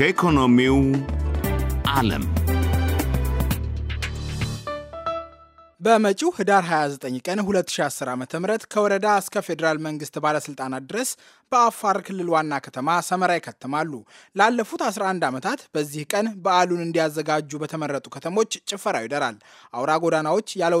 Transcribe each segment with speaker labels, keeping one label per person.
Speaker 1: ከኢኮኖሚው ዓለም በመጪው ህዳር 29 ቀን 2010 ዓ ም ከወረዳ እስከ ፌዴራል መንግስት ባለስልጣናት ድረስ በአፋር ክልል ዋና ከተማ ሰመራ ይከትማሉ። ላለፉት 11 ዓመታት በዚህ ቀን በዓሉን እንዲያዘጋጁ በተመረጡ ከተሞች ጭፈራው ይደራል። አውራ ጎዳናዎች ያለ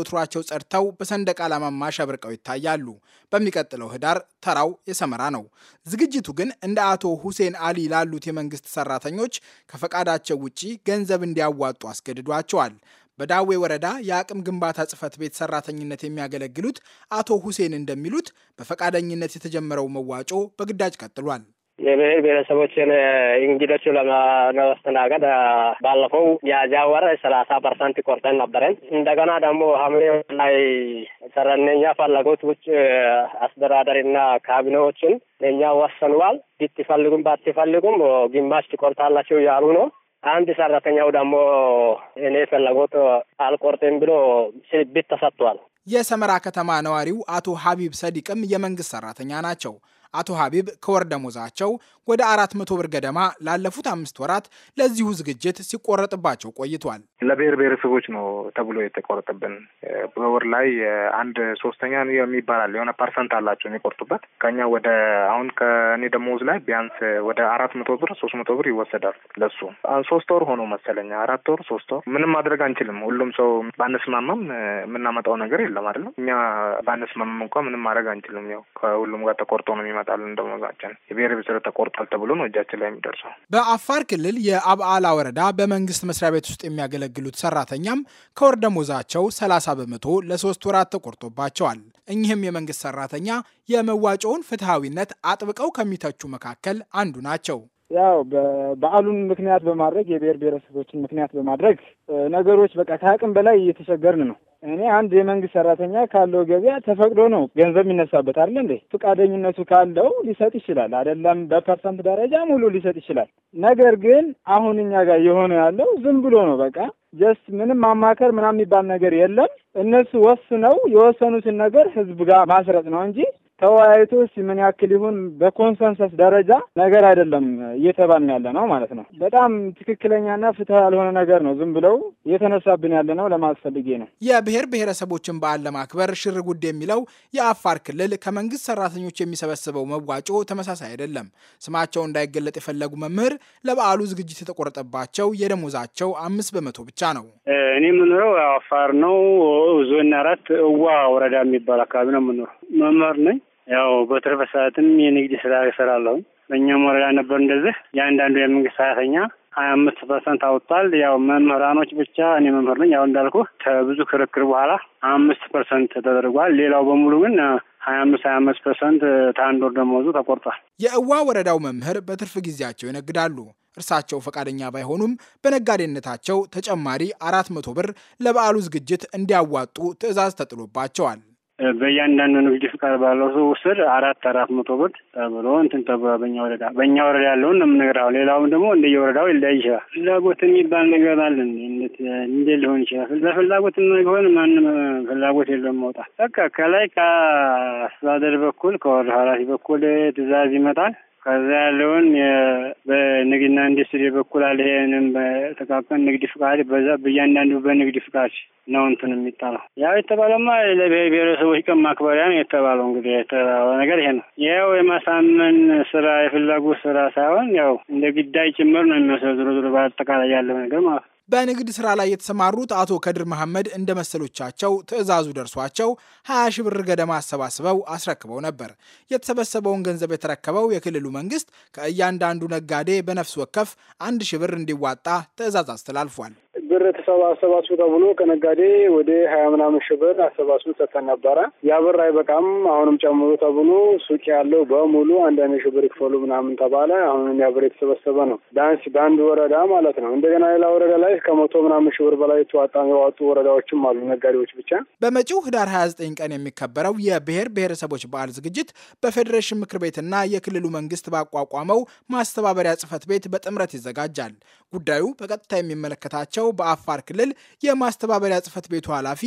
Speaker 1: ጸድተው በሰንደቅ ዓላማማ ሸብርቀው ይታያሉ። በሚቀጥለው ህዳር ተራው የሰመራ ነው። ዝግጅቱ ግን እንደ አቶ ሁሴን አሊ ላሉት የመንግስት ሰራተኞች ከፈቃዳቸው ውጪ ገንዘብ እንዲያዋጡ አስገድዷቸዋል። በዳዌ ወረዳ የአቅም ግንባታ ጽሕፈት ቤት ሰራተኝነት የሚያገለግሉት አቶ ሁሴን እንደሚሉት በፈቃደኝነት የተጀመረው መዋጮ በግዳጅ ቀጥሏል።
Speaker 2: የብሔር ብሔረሰቦችን እንግዶቹ ለመስተናገድ ባለፈው ሚያዝያ ወር ሰላሳ ፐርሰንት ቆርጠን ነበረን። እንደገና ደግሞ ሐምሌ ላይ ሰረነኛ ፈለጉት ውጭ አስተዳደሪና ካቢኔዎችን ለእኛ ወሰንዋል። ብትፈልጉም ባትፈልጉም ግማሽ ትቆርጣላችሁ ያሉ ነው። አንድ ሰራተኛው ደግሞ እኔ ፍላጎት አልቆርጥም ብሎ ቤት ተሰጥቷል።
Speaker 1: የሰመራ ከተማ ነዋሪው አቶ ሀቢብ ሰዲቅም የመንግስት ሰራተኛ ናቸው። አቶ ሀቢብ ከወር ደሞዛቸው ወደ አራት መቶ ብር ገደማ ላለፉት አምስት ወራት ለዚሁ ዝግጅት ሲቆረጥባቸው ቆይቷል። ለብሔር ብሔረሰቦች ነው ተብሎ የተቆረጠብን
Speaker 2: በወር ላይ አንድ ሶስተኛ የሚባላል የሆነ ፐርሰንት አላቸው የሚቆርጡበት ከኛ ወደ አሁን ከእኔ ደሞዝ ላይ ቢያንስ ወደ አራት መቶ ብር ሶስት መቶ ብር ይወሰዳል። ለሱ ሶስት ወር ሆኖ መሰለኛ አራት ወር ሶስት ወር ምንም ማድረግ አንችልም። ሁሉም ሰው ባነስማማም የምናመጣው ነገር የለም አይደለም። እኛ ባንስማማም እንኳ ምንም ማድረግ አንችልም። ያው ከሁሉም ጋር ተቆርጦ ነው የሚመ ይመጣልን ደሞዛችን የብሔር ብስረ ተቆርጧል ተብሎ ነው እጃችን ላይ የሚደርሰው።
Speaker 1: በአፋር ክልል የአብዓላ ወረዳ በመንግስት መስሪያ ቤት ውስጥ የሚያገለግሉት ሰራተኛም ከወር ደሞዛቸው ሰላሳ በመቶ ለሶስት ወራት ተቆርጦባቸዋል። እኚህም የመንግስት ሰራተኛ የመዋጮውን ፍትሐዊነት አጥብቀው ከሚተቹ መካከል አንዱ ናቸው። ያው በዓሉን ምክንያት በማድረግ የብሔር ብሔረሰቦችን ምክንያት በማድረግ ነገሮች በቃ ከአቅም በላይ እየተቸገርን ነው። እኔ አንድ የመንግስት ሰራተኛ ካለው ገበያ ተፈቅዶ ነው ገንዘብ የሚነሳበት አለ እንዴ? ፈቃደኝነቱ ካለው ሊሰጥ ይችላል። አይደለም በፐርሰንት ደረጃ ሙሉ ሊሰጥ ይችላል። ነገር ግን አሁን እኛ ጋር የሆነ ያለው ዝም ብሎ ነው። በቃ ጀስት ምንም ማማከር ምናምን የሚባል ነገር የለም። እነሱ ወስነው የወሰኑትን ነገር ህዝብ ጋር ማስረጥ ነው እንጂ ተወያይቶ ምን ያክል ይሁን በኮንሰንሰስ ደረጃ ነገር አይደለም እየተባልን ያለ ነው ማለት ነው። በጣም ትክክለኛና ፍትህ ያልሆነ ነገር ነው ዝም ብለው እየተነሳብን ያለ ነው ለማስፈልጌ ነው። የብሔር ብሔረሰቦችን በዓል ለማክበር ሽር ጉድ የሚለው የአፋር ክልል ከመንግስት ሰራተኞች የሚሰበስበው መዋጮ ተመሳሳይ አይደለም። ስማቸው እንዳይገለጥ የፈለጉ መምህር ለበዓሉ ዝግጅት የተቆረጠባቸው የደሞዛቸው አምስት በመቶ ብቻ ነው።
Speaker 3: እኔ የምኖረው አፋር ነው። ዞን አራት እዋ ወረዳ የሚባል አካባቢ ነው የምኖረው። መምህር ነኝ። ያው በትርፍ ሰዓትም የንግድ ስራ ይሰራለሁ። በእኛም ወረዳ ነበር እንደዚህ የአንዳንዱ የመንግስት ሰራተኛ ሀያ አምስት ፐርሰንት አውጥቷል። ያው መምህራኖች ብቻ እኔ መምህር ነኝ። ያው እንዳልኩ ከብዙ ክርክር በኋላ አምስት ፐርሰንት ተደርጓል። ሌላው በሙሉ ግን ሀያ አምስት ሀያ አምስት ፐርሰንት ከአንድ ወር ደመወዙ ተቆርጧል።
Speaker 1: የእዋ ወረዳው መምህር በትርፍ ጊዜያቸው ይነግዳሉ። እርሳቸው ፈቃደኛ ባይሆኑም በነጋዴነታቸው ተጨማሪ አራት መቶ ብር ለበዓሉ ዝግጅት እንዲያዋጡ ትዕዛዝ ተጥሎባቸዋል።
Speaker 3: በእያንዳንዱ ንግድ ፍቃድ ባለው ሰው ስር አራት አራት መቶ ብር ተብሎ እንትን ተብሎ በኛ ወረዳ በእኛ ወረዳ ያለውን ነው የምነግረው። ሌላውም ደግሞ እንደየ ወረዳው ይለያይ ይችላል። ፍላጎት የሚባል ነገር አለን። እንዴ ሊሆን ይችላል። በፍላጎት ቢሆን ማንም ፍላጎት የለውም መውጣት። በቃ ከላይ ከአስተዳደር በኩል ከወረዳ ኃላፊ በኩል ትዕዛዝ ይመጣል። ከዛ ያለውን በንግድና ኢንዱስትሪ በኩል አለ። ይህንም በጥቃቅን ንግድ ፍቃድ በዛ በእያንዳንዱ በንግድ ፍቃድ ነው እንትን የሚጣለው። ያው የተባለማ ለብሔር ብሔረሰቦች ቀን ማክበሪያ ነው የተባለው። እንግዲህ የተባለው ነገር ይሄ ነው። ያው የማሳመን ስራ የፍላጎት ስራ ሳይሆን ያው እንደ ግዳይ ጭምር ነው የሚመስለው ዝሮ ዝሮ በአጠቃላይ ያለው
Speaker 1: ነገር ማለት ነው። በንግድ ስራ ላይ የተሰማሩት አቶ ከድር መሐመድ እንደ መሰሎቻቸው ትዕዛዙ ደርሷቸው 20 ሺ ብር ገደማ አሰባስበው አስረክበው ነበር። የተሰበሰበውን ገንዘብ የተረከበው የክልሉ መንግስት ከእያንዳንዱ ነጋዴ በነፍስ ወከፍ አንድ ሺ ብር እንዲዋጣ ትዕዛዝ አስተላልፏል።
Speaker 4: ብር አሰባስቡ ተብሎ ከነጋዴ ወደ ሀያ ምናምን ሺህ ብር አሰባስበን ሰጥተን ነበረ። ያ ብር አይበቃም አሁንም ጨምሮ ተብሎ ሱቅ ያለው በሙሉ አንዳንድ ሺህ ብር ይክፈሉ ምናምን ተባለ። አሁንም ያ ብር የተሰበሰበ ነው። ዳንስ በአንድ ወረዳ ማለት ነው። እንደገና ሌላ ወረዳ ላይ ከመቶ ምናምን ሺህ ብር በላይ ተዋጣ የዋጡ ወረዳዎችም አሉ ነጋዴዎች ብቻ።
Speaker 1: በመጪው ህዳር 29 ቀን የሚከበረው የብሔር ብሔረሰቦች በዓል ዝግጅት በፌዴሬሽን ምክር ቤትና የክልሉ መንግስት ባቋቋመው ማስተባበሪያ ጽህፈት ቤት በጥምረት ይዘጋጃል። ጉዳዩ በቀጥታ የሚመለከታቸው በአፋር ክልል የማስተባበሪያ ጽህፈት ቤቱ ኃላፊ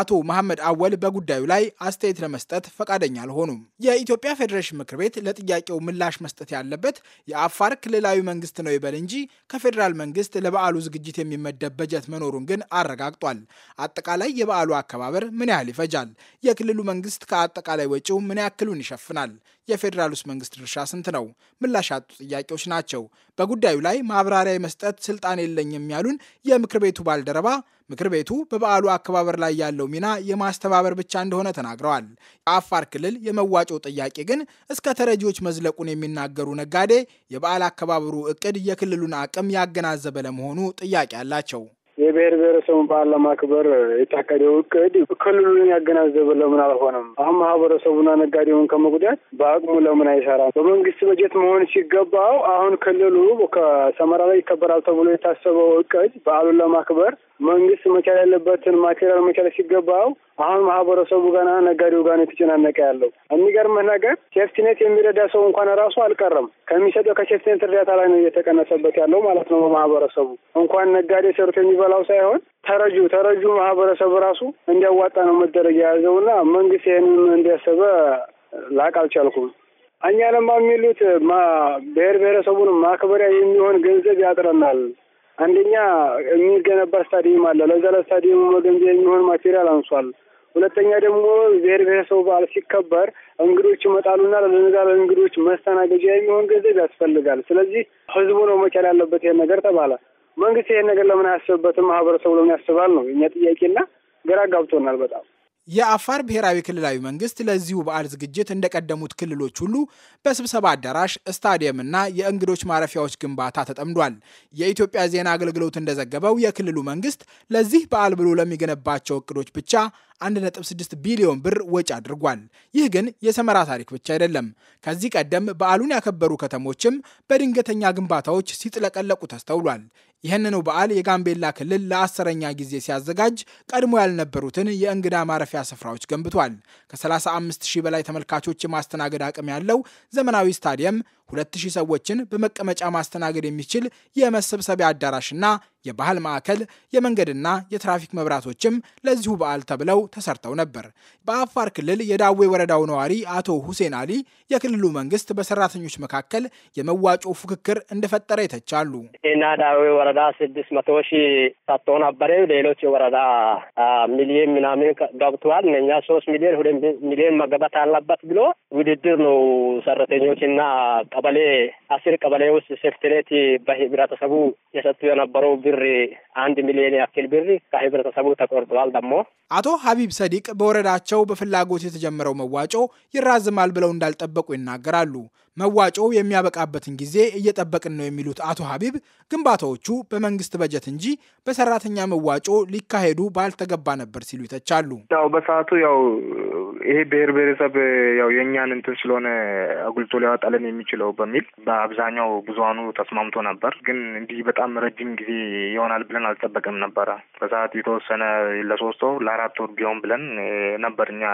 Speaker 1: አቶ መሐመድ አወል በጉዳዩ ላይ አስተያየት ለመስጠት ፈቃደኛ አልሆኑም። የኢትዮጵያ ፌዴሬሽን ምክር ቤት ለጥያቄው ምላሽ መስጠት ያለበት የአፋር ክልላዊ መንግስት ነው ይበል እንጂ ከፌዴራል መንግስት ለበዓሉ ዝግጅት የሚመደብ በጀት መኖሩን ግን አረጋግጧል። አጠቃላይ የበዓሉ አከባበር ምን ያህል ይፈጃል? የክልሉ መንግስት ከአጠቃላይ ወጪው ምን ያክሉን ይሸፍናል? የፌዴራሉስ መንግስት ድርሻ ስንት ነው? ምላሽ ያጡ ጥያቄዎች ናቸው። በጉዳዩ ላይ ማብራሪያ የመስጠት ስልጣን የለኝም ያሉን የምክር ቤቱ ባልደረባ ምክር ቤቱ በበዓሉ አከባበር ላይ ያለው ሚና የማስተባበር ብቻ እንደሆነ ተናግረዋል። የአፋር ክልል የመዋጮ ጥያቄ ግን እስከ ተረጂዎች መዝለቁን የሚናገሩ ነጋዴ የበዓል አከባበሩ እቅድ የክልሉን አቅም ያገናዘበ ለመሆኑ ጥያቄ አላቸው።
Speaker 4: የብሔር ብሔረሰቡን በዓል ለማክበር የታቀደው እቅድ ክልሉን ያገናዘበ ለምን አልሆነም? አሁን ማህበረሰቡና ነጋዴውን ከመጉዳት በአቅሙ ለምን አይሰራም? በመንግስት በጀት መሆን ሲገባው አሁን ክልሉ ከሰመራ ላይ ይከበራል ተብሎ የታሰበው እቅድ በዓሉን ለማክበር መንግስት መቻል ያለበትን ማቴሪያል መቻል ሲገባው አሁን ማህበረሰቡ ገና ነጋዴው ጋር ነው የተጨናነቀ ያለው። የሚገርምህ ነገር ሴፍቲኔት የሚረዳ ሰው እንኳን ራሱ አልቀረም። ከሚሰጠው ከሴፍቲኔት እርዳታ ላይ ነው እየተቀነሰበት ያለው ማለት ነው። በማህበረሰቡ እንኳን ነጋዴ ሰርቶ የሚበላው ሳይሆን ተረጁ ተረጁ ማህበረሰብ ራሱ እንዲያዋጣ ነው መደረግ የያዘውና መንግስት ይህንም እንዲያሰበ ላቅ አልቻልኩም። እኛ ለማ የሚሉት ብሔር ብሔረሰቡን ማክበሪያ የሚሆን ገንዘብ ያጥረናል። አንደኛ የሚገነባ ስታዲየም አለ። ለዛ ለስታዲየሙ መገንቢያ የሚሆን ማቴሪያል አንሷል። ሁለተኛ ደግሞ ብሔር ብሔረሰቡ በዓል ሲከበር እንግዶች ይመጣሉና ለነዛ ለእንግዶች መስተናገጃ የሚሆን ገንዘብ ያስፈልጋል። ስለዚህ ህዝቡ ነው መቻል ያለበት ይሄን ነገር ተባለ። መንግስት ይሄን ነገር ለምን አያስብበትም? ማህበረሰቡ ለምን ያስባል ነው የኛ ጥያቄና ግራ ጋብቶናል በጣም
Speaker 1: የአፋር ብሔራዊ ክልላዊ መንግስት ለዚሁ በዓል ዝግጅት እንደቀደሙት ክልሎች ሁሉ በስብሰባ አዳራሽ፣ ስታዲየምና የእንግዶች ማረፊያዎች ግንባታ ተጠምዷል። የኢትዮጵያ ዜና አገልግሎት እንደዘገበው የክልሉ መንግስት ለዚህ በዓል ብሎ ለሚገነባቸው እቅዶች ብቻ 1.6 ቢሊዮን ብር ወጪ አድርጓል። ይህ ግን የሰመራ ታሪክ ብቻ አይደለም። ከዚህ ቀደም በዓሉን ያከበሩ ከተሞችም በድንገተኛ ግንባታዎች ሲጥለቀለቁ ተስተውሏል። ይህንኑ በዓል የጋምቤላ ክልል ለአስረኛ ጊዜ ሲያዘጋጅ ቀድሞ ያልነበሩትን የእንግዳ ማረፊያ ስፍራዎች ገንብቷል። ከ35 ሺህ በላይ ተመልካቾች የማስተናገድ አቅም ያለው ዘመናዊ ስታዲየም ሁለት ሺህ ሰዎችን በመቀመጫ ማስተናገድ የሚችል የመሰብሰቢያ አዳራሽና የባህል ማዕከል፣ የመንገድና የትራፊክ መብራቶችም ለዚሁ በዓል ተብለው ተሰርተው ነበር። በአፋር ክልል የዳዌ ወረዳው ነዋሪ አቶ ሁሴን አሊ የክልሉ መንግስት በሰራተኞች መካከል የመዋጮ ፉክክር እንደፈጠረ ይተቻሉ።
Speaker 2: እና ዳዌ ወረዳ ስድስት መቶ ሺህ ሰጥቶ ነበረ። ሌሎች ወረዳ ሚሊዮን ምናምን ገብተዋል። እኛ ሶስት ሚሊዮን ሁለት ሚሊዮን መገባት አለበት ብሎ ውድድር ነው ሰራተኞችና ቀበሌ አስር ቀበሌ ውስጥ ሴፍትኔት በህብረተሰቡ የሰጡ የነበረው ብር አንድ ሚሊዮን ያክል ብር ከህብረተሰቡ ተቆርጧል። ደግሞ
Speaker 1: አቶ ሀቢብ ሰዲቅ በወረዳቸው በፍላጎት የተጀመረው መዋጮ ይራዝማል ብለው እንዳልጠበቁ ይናገራሉ። መዋጮው የሚያበቃበትን ጊዜ እየጠበቅን ነው የሚሉት አቶ ሀቢብ ግንባታዎቹ በመንግስት በጀት እንጂ በሰራተኛ መዋጮ ሊካሄዱ ባልተገባ ነበር ሲሉ ይተቻሉ።
Speaker 2: ያው በሰዓቱ ያው ይሄ ብሔር ብሔረሰብ ያው የእኛን እንትን ስለሆነ አጉልቶ ሊያወጣለን የሚችለው በሚል በአብዛኛው ብዙሀኑ ተስማምቶ ነበር። ግን እንዲህ በጣም ረጅም ጊዜ ይሆናል ብለን አልጠበቅም ነበረ። በሰዓት የተወሰነ ለሶስት ወር ለአራት ወር ቢሆን ብለን ነበር እኛ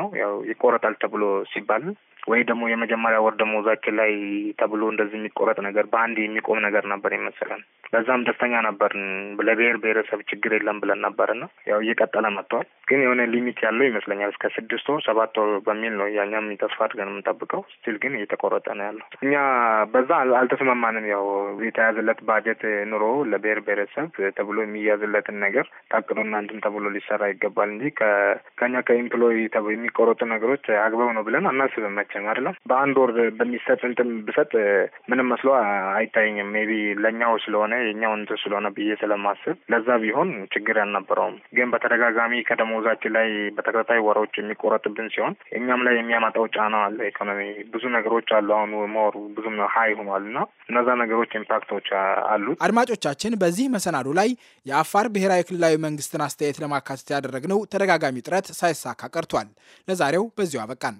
Speaker 2: ነው። ያው ይቆረጣል ተብሎ ሲባል ወይ ደግሞ የመጀመሪያ ወር ደግሞ ደሞዛችን ላይ ተብሎ እንደዚህ የሚቆረጥ ነገር በአንድ የሚቆም ነገር ነበር ይመስለን። በዛም ደስተኛ ነበርን። ለብሔር ብሔረሰብ ችግር የለም ብለን ነበርና ያው እየቀጠለ መጥተዋል። ግን የሆነ ሊሚት ያለው ይመስለኛል እስከ ስድስት ወር ሰባት ወር በሚል ነው ያኛም ተስፋ አድርገን የምንጠብቀው። ስቲል ግን እየተቆረጠ ነው ያለው። እኛ በዛ አልተስማማንም። ያው የተያዘለት ባጀት ኑሮ ለብሔር ብሔረሰብ ተብሎ የሚያዝለትን ነገር ታቅዶና እንትን ተብሎ ሊሰራ ይገባል እንጂ ከኛ ከኢምፕሎይ የሚቆረጡ ነገሮች አግበው ነው ብለን አናስብም። መቼም አይደለም በአንድ ወር በሚሰጥ እንትን ብሰጥ ምንም መስሎ አይታየኝም። ሜቢ ቢ ለእኛው ስለሆነ የኛው እንትን ስለሆነ ብዬ ስለማስብ ለዛ ቢሆን ችግር አልነበረውም። ግን በተደጋጋሚ ከደሞዛችን ላይ በተከታታይ ወሮች የሚቆረጥብን ሲሆን እኛም ላይ የሚያመጣው ጫና አለ። ኢኮኖሚ ብዙ ነገሮች አሉ። አሁን መወሩ ብዙም ሀይ ሆኗል እና እነዛ ነገሮች ኢምፓክቶች አሉት።
Speaker 1: አድማጮቻችን፣ በዚህ መሰናዶ ላይ የአፋር ብሔራዊ ክልላዊ መንግስትን አስተያየት ለማካተት ያደረግነው ተደጋጋሚ ጥረት ሳይሳካ ቀርቷል። ለዛሬው በዚሁ አበቃን።